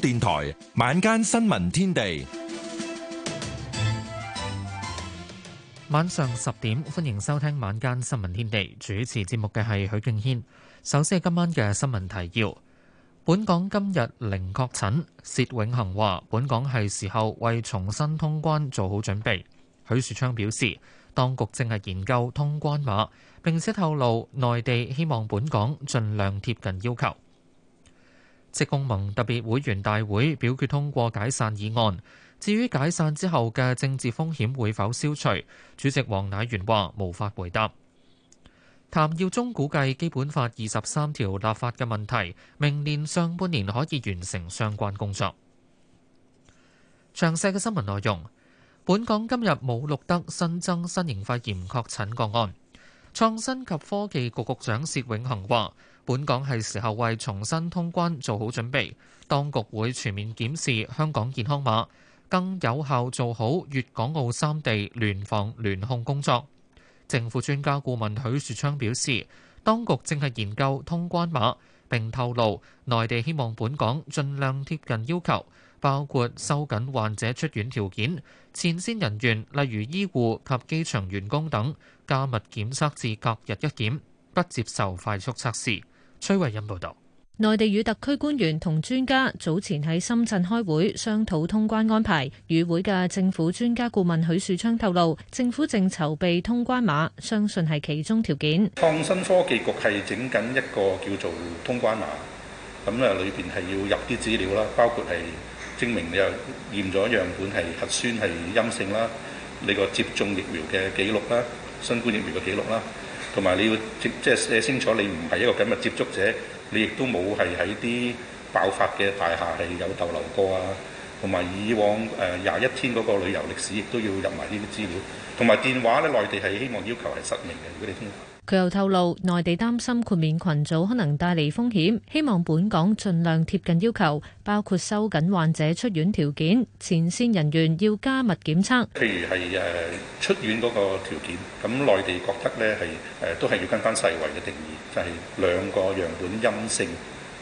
電台晚間新聞天地，晚上十點歡迎收聽晚間新聞天地。主持節目嘅係許敬軒。首先係今晚嘅新聞提要。本港今日零確診。薛永恒話：本港係時候為重新通關做好準備。許樹昌表示，當局正係研究通關碼，並且透露內地希望本港盡量貼近要求。職工盟特別會員大會表決通過解散議案。至於解散之後嘅政治風險會否消除，主席黃乃元話無法回答。譚耀宗估計《基本法》二十三條立法嘅問題，明年上半年可以完成相關工作。詳細嘅新聞內容，本港今日冇錄得新增新型肺炎確診個案。創新及科技局局長薛永恒話。本港係時候為重新通關做好準備，當局會全面檢視香港健康碼，更有效做好粵港澳三地聯防聯控工作。政府專家顧問許樹昌表示，當局正係研究通關碼，並透露，內地希望本港盡量貼近要求，包括收緊患者出院條件、前綫人員，例如醫護及機場員工等，加密檢測至隔日一檢，不接受快速測試。崔慧欣報道，內地與特區官員同專家早前喺深圳開會商討通關安排。與會嘅政府專家顧問許樹昌透露，政府正籌備通關碼，相信係其中條件。創新科技局係整緊一個叫做通關碼，咁咧裏邊係要入啲資料啦，包括係證明你又驗咗樣本係核酸係陰性啦，你個接種疫苗嘅記錄啦，新冠疫苗嘅記錄啦。同埋你要即即係寫清楚，你唔係一個緊密接觸者，你亦都冇係喺啲爆發嘅大廈係有逗留過啊，同埋以往誒廿一天嗰個旅遊歷史亦都要入埋呢啲資料。同埋電話咧，內地係希望要求係實名嘅。如果你聽佢又透露，內地擔心豁免群組，組可能帶嚟風險，希望本港盡量貼近要求，包括收緊患者出院條件，前線人員要加密檢測。譬如係誒出院嗰個條件，咁內地覺得咧係誒都係要跟翻世衞嘅定義，就係、是、兩個樣本陰性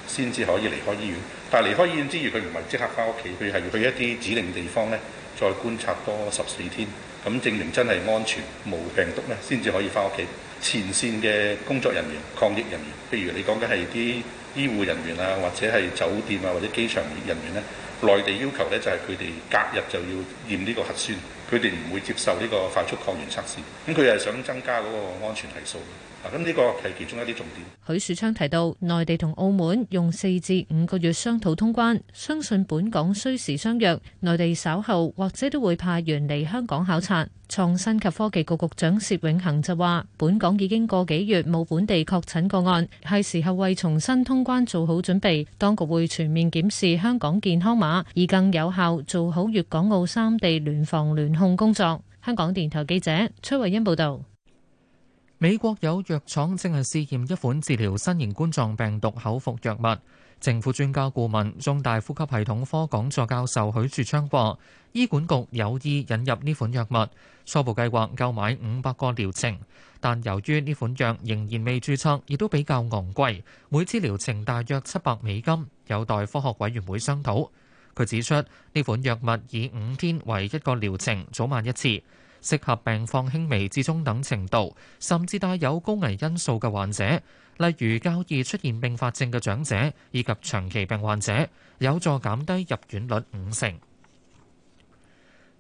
先至可以離開醫院。但係離開醫院之餘，佢唔係即刻翻屋企，佢係要去一啲指定地方咧，再觀察多十四天。咁證明真係安全冇病毒咧，先至可以翻屋企。前線嘅工作人員、抗疫人員，譬如你講嘅係啲醫護人員啊，或者係酒店啊，或者機場人員呢，內地要求呢，就係佢哋隔日就要驗呢個核酸，佢哋唔會接受呢個快速抗原測試。咁佢係想增加嗰個安全係數。咁呢個係其中一啲重點。許樹昌提到，內地同澳門用四至五個月商討通關，相信本港需時相約，內地稍後或者都會派員嚟香港考察。創新及科技局局,局長薛永恆就話：本港已經個幾月冇本地確診個案，係時候為重新通關做好準備。當局會全面檢視香港健康碼，以更有效做好粵港澳三地聯防聯控工作。香港電台記者崔慧欣報道。美國有藥廠正係試驗一款治療新型冠狀病毒口服藥物。政府專家顧問、中大呼吸系統科講座教授許樹昌話：醫管局有意引入呢款藥物，初步計劃購買五百個療程。但由於呢款藥仍然未註冊，亦都比較昂貴，每次療程大約七百美金，有待科學委員會商討。佢指出，呢款藥物以五天為一個療程，早晚一次。適合病況輕微至中等程度，甚至帶有高危因素嘅患者，例如較易出現併發症嘅長者以及長期病患者，有助減低入院率五成。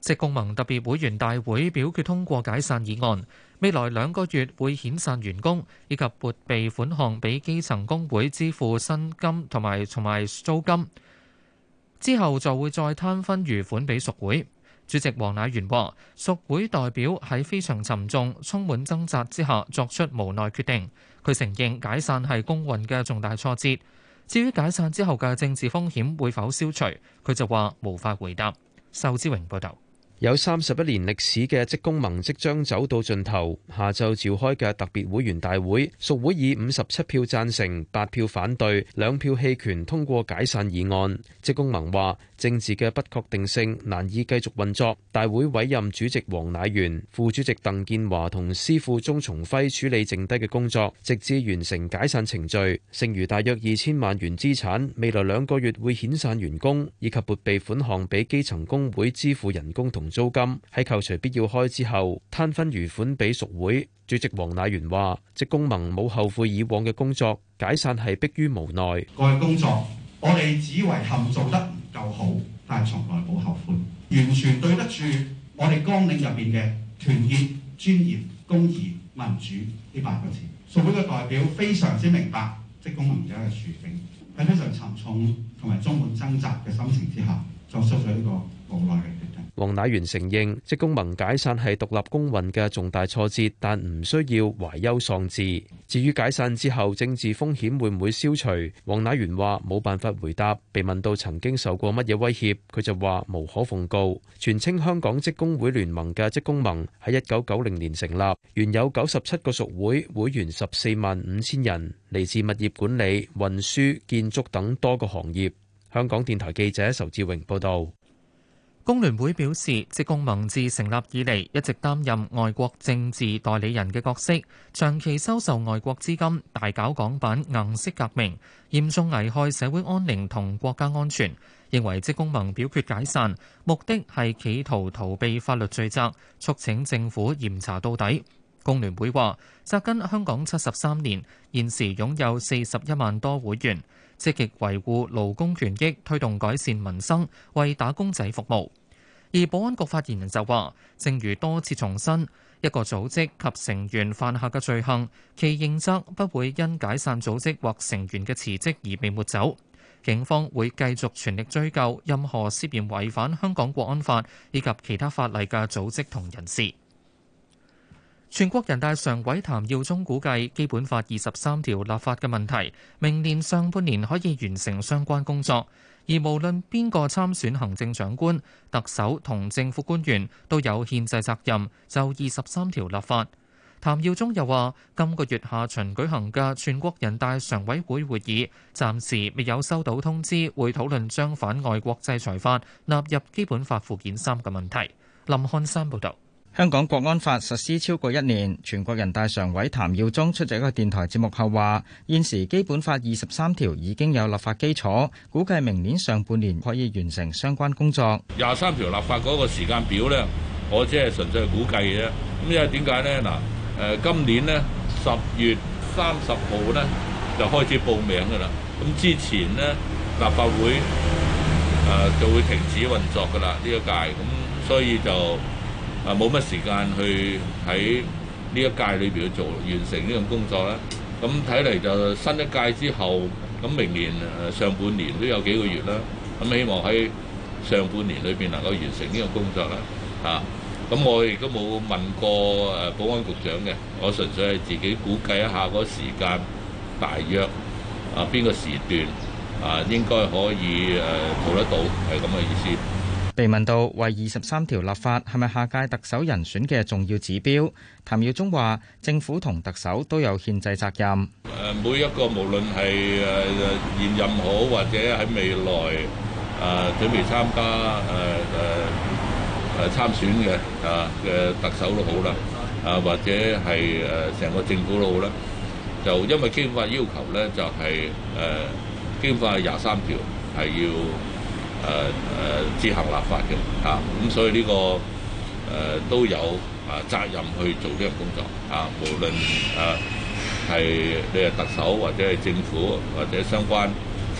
職工盟特別會員大會表決通過解散議案，未來兩個月會遣散員工，以及撥備款項俾基層工會支付薪金同埋同埋租金，之後就會再攤分餘款俾屬會。主席黃乃元話，屬會代表喺非常沉重、充滿掙扎之下作出無奈決定。佢承認解散係公運嘅重大挫折。至於解散之後嘅政治風險會否消除，佢就話無法回答。壽之榮報道。有三十一年歷史嘅職工盟即將走到盡頭，下晝召開嘅特別會員大會，屬會以五十七票贊成、八票反對、兩票棄權通過解散議案。職工盟話：政治嘅不確定性難以繼續運作。大會委任主席黃迺元、副主席鄧建華同司庫鍾崇輝處理剩低嘅工作，直至完成解散程序。剩餘大約二千萬元資產，未來兩個月會遣散員工，以及撥備款項俾基層工會支付人工同租金，喺扣除必要開支之後攤分餘款俾屬會。主席黃乃元話：職工盟冇後悔以往嘅工作，解散係迫於無奈。各位工作我哋只遺憾做得唔夠好，但係從來冇後悔，完全對得住我哋綱領入邊嘅團結、專業、公義、民主呢八個字。屬會嘅代表非常之明白職工盟而家嘅處境，喺非常沉重同埋充滿掙扎嘅心情之下作出咗呢個無奈嘅。王乃元承認，職工盟解散係獨立工運嘅重大挫折，但唔需要懷憂喪志。至於解散之後政治風險會唔會消除，王乃元話冇辦法回答。被問到曾經受過乜嘢威脅，佢就話無可奉告。全稱香港職工會聯盟嘅職工盟喺一九九零年成立，原有九十七個屬會，會員十四萬五千人，嚟自物業管理、運輸、建築等多個行業。香港電台記者仇志榮報道。工聯會表示，職工盟自成立以嚟一直擔任外國政治代理人嘅角色，長期收受外國資金，大搞港版顏色革命，嚴重危害社會安寧同國家安全。認為職工盟表決解散，目的係企圖逃避法律罪責，促請政府嚴查到底。工聯會話：紮根香港七十三年，現時擁有四十一萬多會員。積極維護勞工權益，推動改善民生，為打工仔服務。而保安局發言人就話，正如多次重申，一個組織及成員犯下嘅罪行，其刑責不會因解散組織或成員嘅辭職而被抹走。警方會繼續全力追究任何涉嫌違反香港國安法以及其他法例嘅組織同人士。全國人大常委譚耀宗估計，《基本法》二十三條立法嘅問題，明年上半年可以完成相關工作。而無論邊個參選行政長官、特首同政府官員，都有憲制責任就二十三條立法。譚耀宗又話：今個月下旬舉行嘅全國人大常委會會議，暫時未有收到通知，會討論將反外國制裁法納入《基本法》附件三嘅問題。林漢山報導。香港國安法實施超過一年，全國人大常委譚耀宗出席一個電台節目後話：現時基本法二十三條已經有立法基礎，估計明年上半年可以完成相關工作。廿三條立法嗰個時間表咧，我只係純粹估計嘅。咁因為點解咧？嗱，誒，今年咧十月三十號咧就開始報名噶啦。咁之前咧立法會誒就會停止運作噶啦呢一屆，咁所以就。啊，冇乜時間去喺呢一屆裏邊去做完成呢樣工作啦。咁睇嚟就新一屆之後，咁明年上半年都有幾個月啦。咁希望喺上半年裏邊能夠完成呢個工作啦。嚇，咁我亦都冇問過誒保安局長嘅，我純粹係自己估計一下個時間，大約啊邊個時段啊應該可以誒做得到，係咁嘅意思。被問到為二十三條立法係咪下屆特首人選嘅重要指標，譚耀宗話：政府同特首都有憲制責任。誒每一個無論係誒現任好或者喺未來誒準備參加誒誒誒參選嘅啊嘅特首都好啦，啊或者係誒成個政府都好啦，就因為基本法要求咧就係誒基本法廿三條係要。誒誒，自、呃、行立法嘅啊，咁所以呢、呢個誒、呃、都有啊責任去做呢樣工作啊，無論誒係你係特首或者係政府或者相關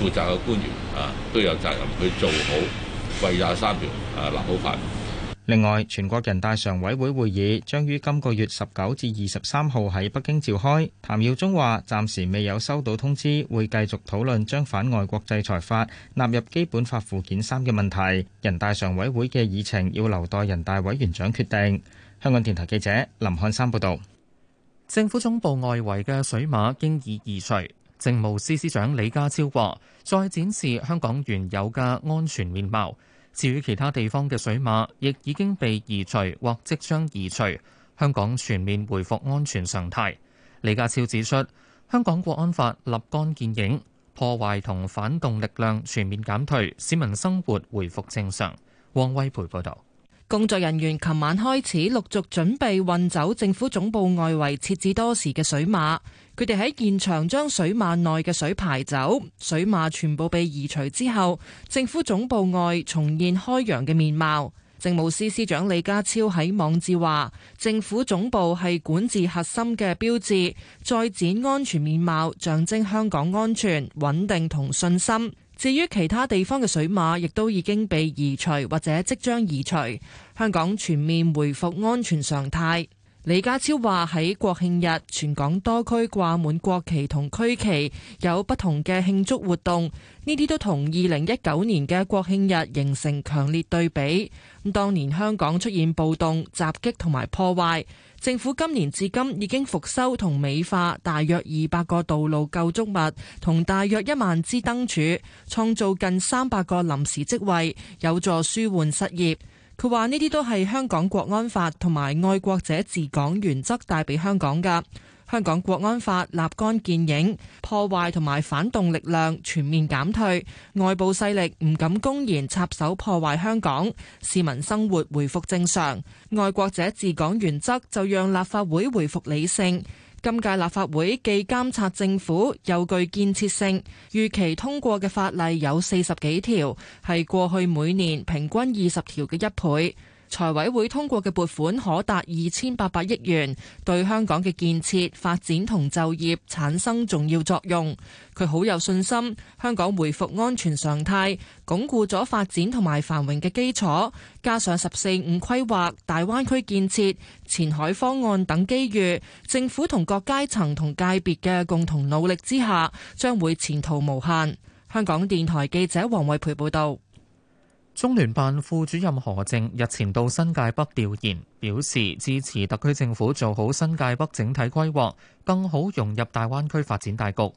負責嘅官員啊，都有責任去做好為廿三條啊，立好法。另外，全國人大常委會會議將於今個月十九至二十三號喺北京召開。譚耀宗話：暫時未有收到通知，會繼續討論將反外國制裁法納入基本法附件三嘅問題。人大常委會嘅議程要留待人大委員長決定。香港電台記者林漢山報導。政府總部外圍嘅水馬經已移除，政務司司長李家超話：再展示香港原有嘅安全面貌。至於其他地方嘅水馬，亦已經被移除或即將移除。香港全面恢復安全常態。李家超指出，香港國安法立竿見影，破壞同反動力量全面減退，市民生活回復正常。汪威培報道，工作人員琴晚開始陸續準備運走政府總部外圍設置多時嘅水馬。佢哋喺現場將水馬內嘅水排走，水馬全部被移除之後，政府總部外重現開揚嘅面貌。政務司司長李家超喺網誌話：政府總部係管治核心嘅標誌，再展安全面貌，象徵香港安全、穩定同信心。至於其他地方嘅水馬，亦都已經被移除或者即將移除，香港全面恢復安全常態。李家超話：喺國慶日，全港多區掛滿國旗同區旗，有不同嘅慶祝活動。呢啲都同二零一九年嘅國慶日形成強烈對比。咁當年香港出現暴動、襲擊同埋破壞。政府今年至今已經復修同美化大約二百個道路構築物，同大約一萬支燈柱，創造近三百個臨時職位，有助舒緩失業。佢話：呢啲都係香港國安法同埋愛國者治港原則帶畀香港㗎。香港國安法立竿見影，破壞同埋反動力量全面減退，外部勢力唔敢公然插手破壞香港，市民生活回復正常，愛國者治港原則就讓立法會回復理性。今屆立法會既監察政府，又具建設性。預期通過嘅法例有四十幾條，係過去每年平均二十條嘅一倍。財委會通過嘅撥款可達二千八百億元，對香港嘅建設發展同就業產生重要作用。佢好有信心，香港恢復安全常態，鞏固咗發展同埋繁榮嘅基礎，加上十四五規劃、大灣區建設、前海方案等機遇，政府同各階層同界別嘅共同努力之下，將會前途無限。香港電台記者黃慧培報道。中聯辦副主任何靖日前到新界北調研，表示支持特區政府做好新界北整體規劃，更好融入大灣區發展大局。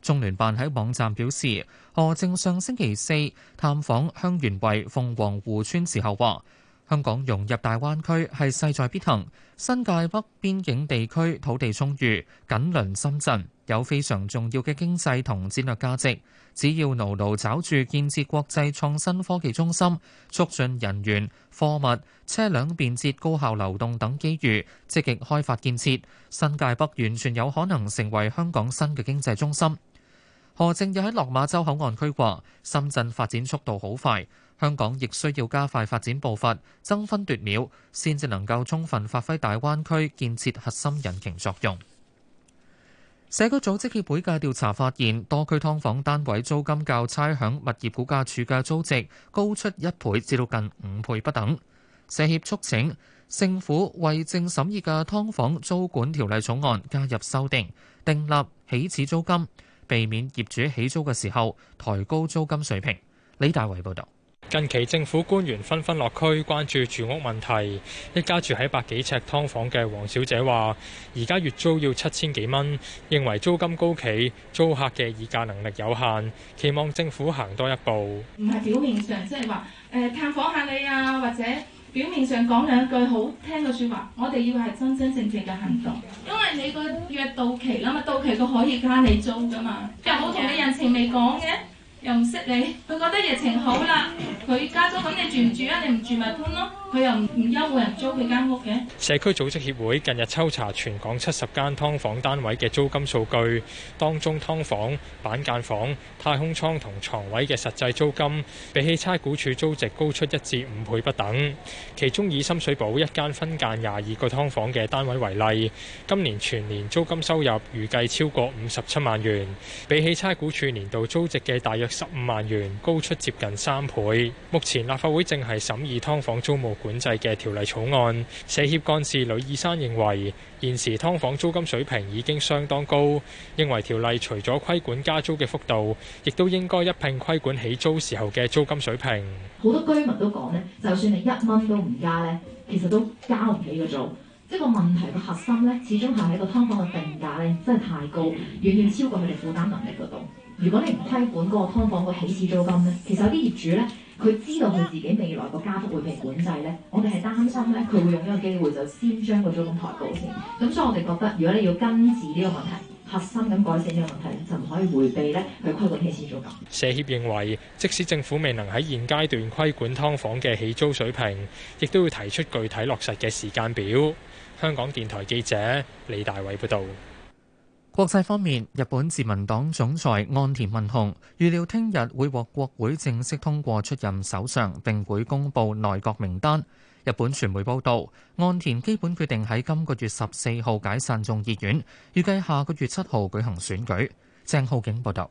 中聯辦喺網站表示，何靖上星期四探訪香園圍鳳凰湖村時候話，香港融入大灣區係勢在必行，新界北邊境地區土地充裕，緊鄰深圳。有非常重要嘅經濟同戰略價值，只要牢牢抓住建設國際創新科技中心、促進人員、貨物、車輛便捷高效流動等機遇，積極開發建設，新界北完全有可能成為香港新嘅經濟中心。何靖又喺落馬洲口岸區話：深圳發展速度好快，香港亦需要加快發展步伐，爭分奪秒，先至能夠充分發揮大灣區建設核心引擎作用。社區組織協會嘅調查發現，多區㓥房單位租金較差餉物業估價署嘅租值高出一倍至到近五倍不等。社協促請政府為正審議嘅㓥房租管條例草案加入修訂，訂立起始租金，避免業主起租嘅時候抬高租金水平。李大偉報導。近期政府官員紛紛落區關注住屋問題。一家住喺百幾尺劏房嘅黃小姐話，而家月租要七千幾蚊，認為租金高企，租客嘅議價能力有限，期望政府行多一步。唔係表面上即係話誒探訪下你啊，或者表面上講兩句好聽嘅説話，我哋要係真真正正嘅行動。因為你個約到期啦嘛，到期佢可以加你租㗎嘛，又冇同你人情未講嘅。又唔識你，佢覺得疫情好啦，佢加租咁，你住唔住啊？你唔住咪搬咯。佢又唔唔憂冇人租佢間屋嘅？社區組織協會近日抽查全港七十間劏房單位嘅租金數據，當中劏房、板間房、太空艙同床位嘅實際租金，比起差估處租值高出一至五倍不等。其中以深水埗一間分間廿二個劏房嘅單位為例，今年全年租金收入預計超過五十七萬元，比起差估處年度租值嘅大約十五萬元，高出接近三倍。目前立法會正係審議劏房租務，管制嘅條例草案，社協幹事呂以山認為現時劏房租金水平已經相當高，認為條例除咗規管加租嘅幅度，亦都應該一併規管起租時候嘅租金水平。好多居民都講咧，就算你一蚊都唔加咧，其實都交唔起個租。即係個問題嘅核心咧，始終係喺個劏房嘅定價真係太高，遠遠超過佢哋負擔能力嗰度。如果你唔規管嗰個劏房嘅起始租金咧，其實有啲業主咧。佢知道佢自己未來個加幅會被管制呢。我哋係擔心呢，佢會用呢個機會就先將個租金抬高先。咁所以我哋覺得，如果你要根治呢個問題，核心咁改善呢個問題，就唔可以回避呢，去規管起租價。社協認為，即使政府未能喺現階段規管劏房嘅起租水平，亦都要提出具體落實嘅時間表。香港電台記者李大偉報導。國際方面，日本自民黨總裁岸田文雄預料聽日會獲國會正式通過出任首相，並會公布內閣名單。日本傳媒報道，岸田基本決定喺今個月十四號解散眾議院，預計下個月七號舉行選舉。鄭浩景報道。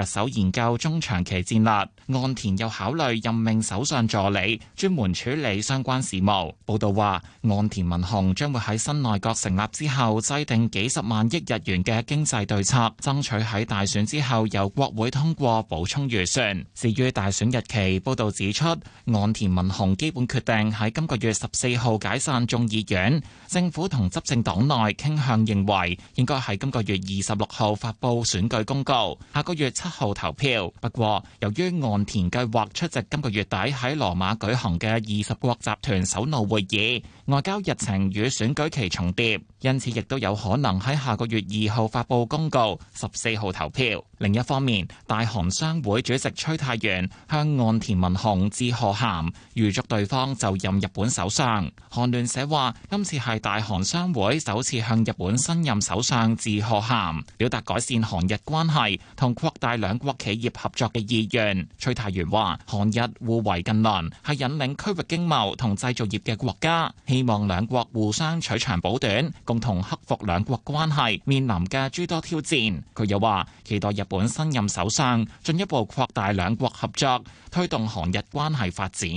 着手研究中長期戰略，岸田又考慮任命首相助理，專門處理相關事務。報道話，岸田文雄將會喺新內閣成立之後，制定幾十萬億日元嘅經濟對策，爭取喺大選之後由國會通過補充預算。至於大選日期，報道指出，岸田文雄基本決定喺今個月十四號解散眾議院，政府同執政黨內傾向認為應該喺今個月二十六號發佈選舉公告，下個月七號投票，不過由於岸田計劃出席今個月底喺羅馬舉行嘅二十國集團首腦會議。外交日程與選舉期重疊，因此亦都有可能喺下個月二號發布公告，十四號投票。另一方面，大韓商會主席崔太元向岸田文雄致賀函，預祝對方就任日本首相。韓聯社話，今次係大韓商會首次向日本新任首相致賀函，表達改善韓日關係同擴大兩國企業合作嘅意願。崔太元話，韓日互為近鄰，係引領區域經貿同製造業嘅國家。希望兩國互相取長補短，共同克服兩國關係面臨嘅諸多挑戰。佢又話：期待日本新任首相進一步擴大兩國合作，推動韓日關係發展。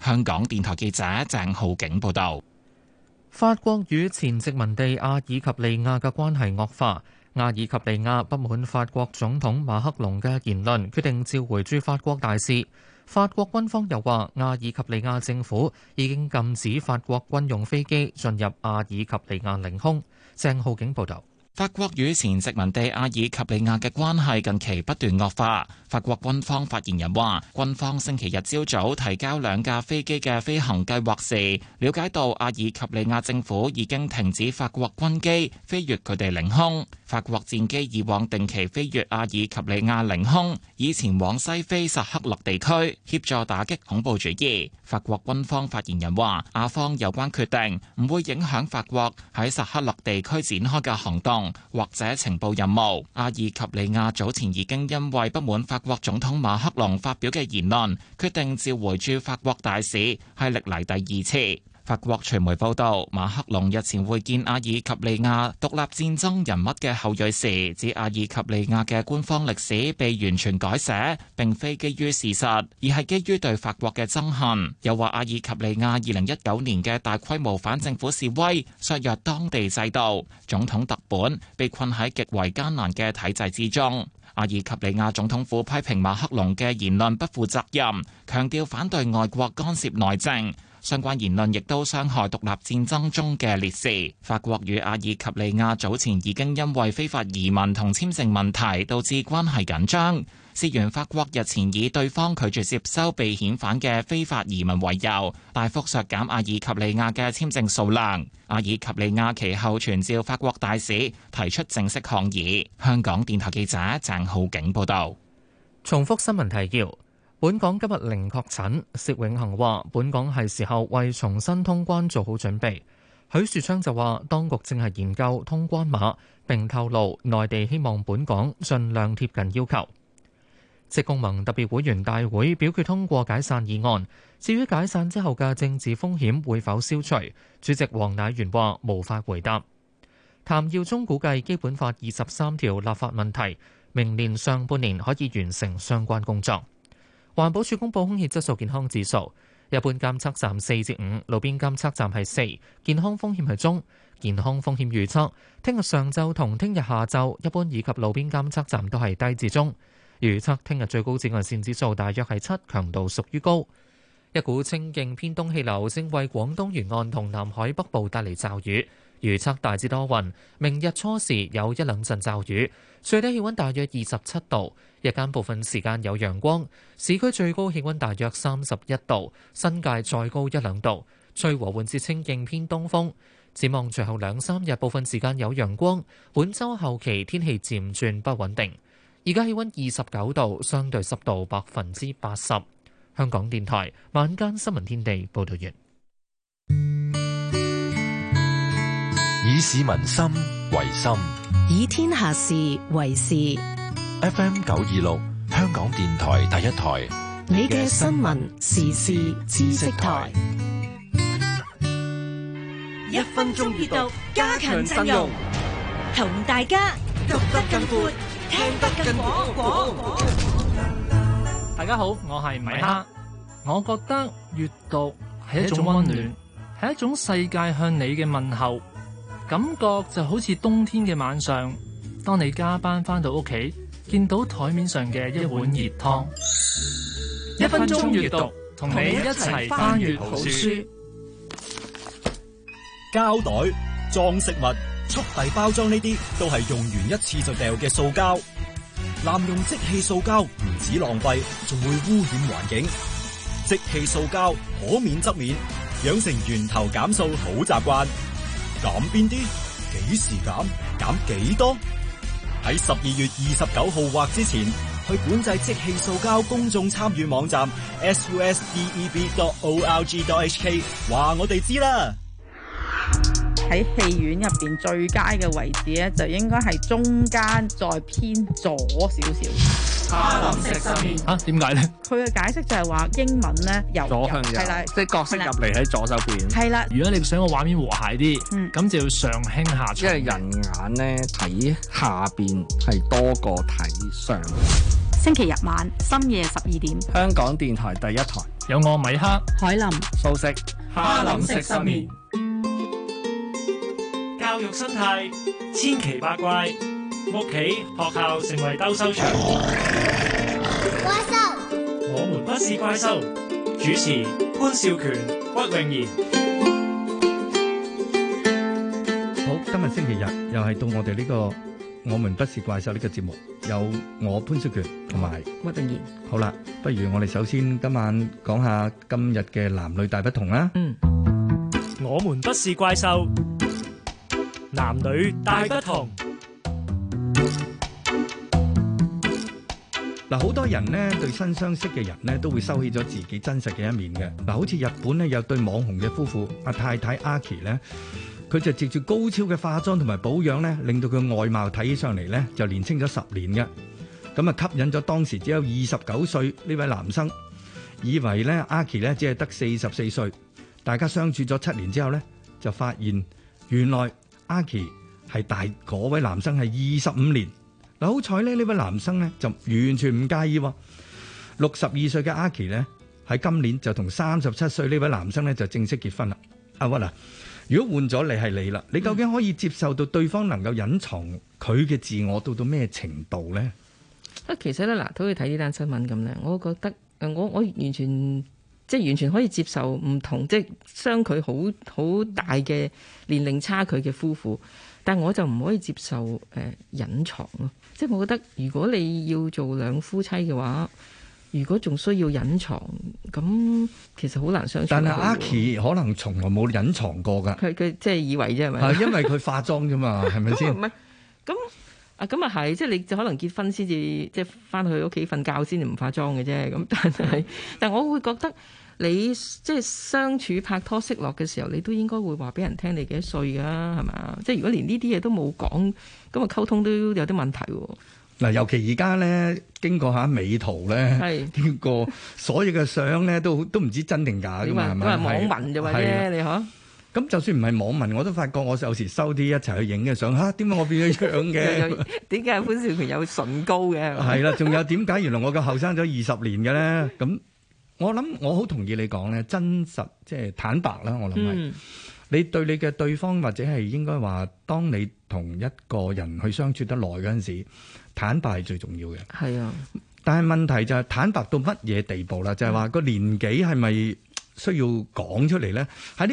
香港電台記者鄭浩景報道，法國與前殖民地阿爾及利亞嘅關係惡化，阿爾及利亞不滿法國總統馬克龍嘅言論，決定召回駐法國大使。法國軍方又話，阿爾及利亞政府已經禁止法國軍用飛機進入阿爾及利亞領空。鄭浩景報道。法國與前殖民地阿爾及利亞嘅關係近期不斷惡化。法國軍方發言人話，軍方星期日朝早提交兩架飛機嘅飛行計劃時，了解到阿爾及利亞政府已經停止法國軍機飛越佢哋領空。法國戰機以往定期飛越阿爾及利亞領空，以前往西非撒克勒地區協助打擊恐怖主義。法國軍方發言人話，阿方有關決定唔會影響法國喺撒克勒地區展開嘅行動或者情報任務。阿爾及利亞早前已經因為不滿法國總統馬克龍發表嘅言論，決定召回駐法國大使，係歷嚟第二次。法國傳媒報道，馬克龍日前會見阿爾及利亞獨立戰爭人物嘅後裔時，指阿爾及利亞嘅官方歷史被完全改寫，並非基於事實，而係基於對法國嘅憎恨。又話阿爾及利亞二零一九年嘅大規模反政府示威削弱當地制度，總統特本被困喺極為艱難嘅體制之中。阿爾及利亞總統府批評馬克龍嘅言論不負責任，強調反對外國干涉內政。相關言論亦都傷害獨立戰爭中嘅烈士。法國與阿爾及利亞早前已經因為非法移民同簽證問題導致關係緊張。事源法國日前以對方拒絕接收被遣返嘅非法移民為由，大幅削減阿爾及利亞嘅簽證數量。阿爾及利亞其後傳召法國大使提出正式抗議。香港電台記者鄭浩景報道。重複新聞提要。本港今日零確診，薛永恒話本港係時候為重新通關做好準備。許樹昌就話當局正係研究通關碼，並透露內地希望本港盡量貼近要求。職工盟特別會員大會表決通過解散議案，至於解散之後嘅政治風險會否消除，主席黃乃元話無法回答。譚耀宗估計《基本法》二十三條立法問題，明年上半年可以完成相關工作。環保署公布空氣質素健康指數，一般監測站四至五，路邊監測站係四，健康風險係中。健康風險預測，聽日上晝同聽日下晝，一般以及路邊監測站都係低至中。預測聽日最高紫外線指數大約係七，強度屬於高。一股清勁偏東氣流正為廣東沿岸同南海北部帶嚟驟雨。預測大致多雲，明日初時有一兩陣驟雨，最低氣温大約二十七度，日間部分時間有陽光，市區最高氣温大約三十一度，新界再高一兩度，吹和緩至清勁偏東風。展望隨後兩三日部分時間有陽光，本周後期天氣漸轉不穩定。而家氣温二十九度，相對濕度百分之八十。香港電台晚間新聞天地報道完。以市民心為心，以天下事為事。FM 九二六，香港電台第一台。你嘅新聞時事知識台，一分鐘閱讀，加強陣容，同大家讀得更闊，聽得更廣。大家好，我係米哈。說我覺得閱讀係一種溫暖，係一種世界向你嘅問候。感覺就好似冬天嘅晚上，當你加班返到屋企，見到台面上嘅一碗熱湯。一分鐘閱讀，同你一齊翻閱好書。膠袋裝食物、速遞包裝呢啲都係用完一次就掉嘅塑膠。濫用即棄塑膠唔止浪費，仲會污染環境。即棄塑膠可免則免，養成源頭減塑好習慣。減邊啲？幾時減？減幾多？喺十二月二十九號或之前，去管制即棄塑膠公眾參與網站 s u s d e b dot o r g dot h k，話我哋知啦。喺戲院入邊最佳嘅位置咧，就應該係中間再偏左少少。哈林食生麵啊？點解咧？佢嘅解釋就係話英文咧，由左向右，了即角色入嚟喺了左手邊。係啦了，如果你想個畫面和諧啲，咁、嗯、就要上輕下重，因為人眼咧睇下邊係多過睇上。星期日晚深夜十二點，香港電台第一台有我米克、海林、素食、哈林食生麵。生態千奇百怪，屋企學校成為鬥獸場。怪獸，我們不是怪獸。主持潘少權、屈穎妍。好，今日星期日，又係到我哋呢個《我們不是怪獸》呢個節目，有我潘少權同埋屈穎妍。好啦，不如我哋首先今晚講下今日嘅男女大不同啦。嗯，我們不是怪獸。男女大不同嗱，好多人咧，對新相識嘅人咧都會收起咗自己真實嘅一面嘅嗱，好似日本咧有對網紅嘅夫婦阿太太阿琪咧，佢就藉住高超嘅化妝同埋保養咧，令到佢外貌睇起上嚟咧就年輕咗十年嘅咁啊，吸引咗當時只有二十九歲呢位男生，以為咧阿琪咧只係得四十四歲，大家相處咗七年之後咧就發現原來。阿奇係大嗰位男生係二十五年嗱，好彩咧呢位男生咧就完全唔介意，六十二歲嘅阿奇咧喺今年就同三十七歲呢位男生咧就正式結婚啦。阿 Vin 啊，如果換咗你係你啦，你究竟可以接受到對方能夠隱藏佢嘅自我到到咩程度咧？啊、嗯，其實咧嗱，都好似睇呢單新聞咁咧，我覺得誒，我我完全。即係完全可以接受唔同，即係相距好好大嘅年齡差距嘅夫婦，但係我就唔可以接受誒、呃、隱藏咯。即係我覺得如果你要做兩夫妻嘅話，如果仲需要隱藏，咁其實好難相處。但係阿 k e 可能從來冇隱藏過㗎。佢佢即係以為啫，係咪？因為佢化妝啫嘛，係咪先？唔係。咁。啊，咁啊係，即係你就可能結婚先至，即係翻去屋企瞓覺先至唔化妝嘅啫。咁但係，但係 我會覺得你即係相處拍拖識落嘅時候，你都應該會話俾人聽你幾多歲噶，係咪？即係如果連呢啲嘢都冇講，咁啊溝通都有啲問題，啊。嗱，尤其而家咧，經過下美圖咧，是 經過所有嘅相咧，都都唔知真定假嘅嘛，係咪？係網民就話咧，是 你嚇。咁就算唔係網民，我都發覺我有時收啲一齊去影嘅相，嚇，點解我變咗樣嘅？點解潘少平有唇膏嘅？係啦，仲有點解原來我嘅後生咗二十年嘅咧。咁我諗我好同意你講咧，真實即係坦白啦。我諗係你對你嘅對方或者係應該話，當你同一個人去相處得耐嗰陣時，坦白係最重要嘅。係啊，但係問題就係坦白到乜嘢地步啦？就係話個年紀係咪需要講出嚟咧？喺呢？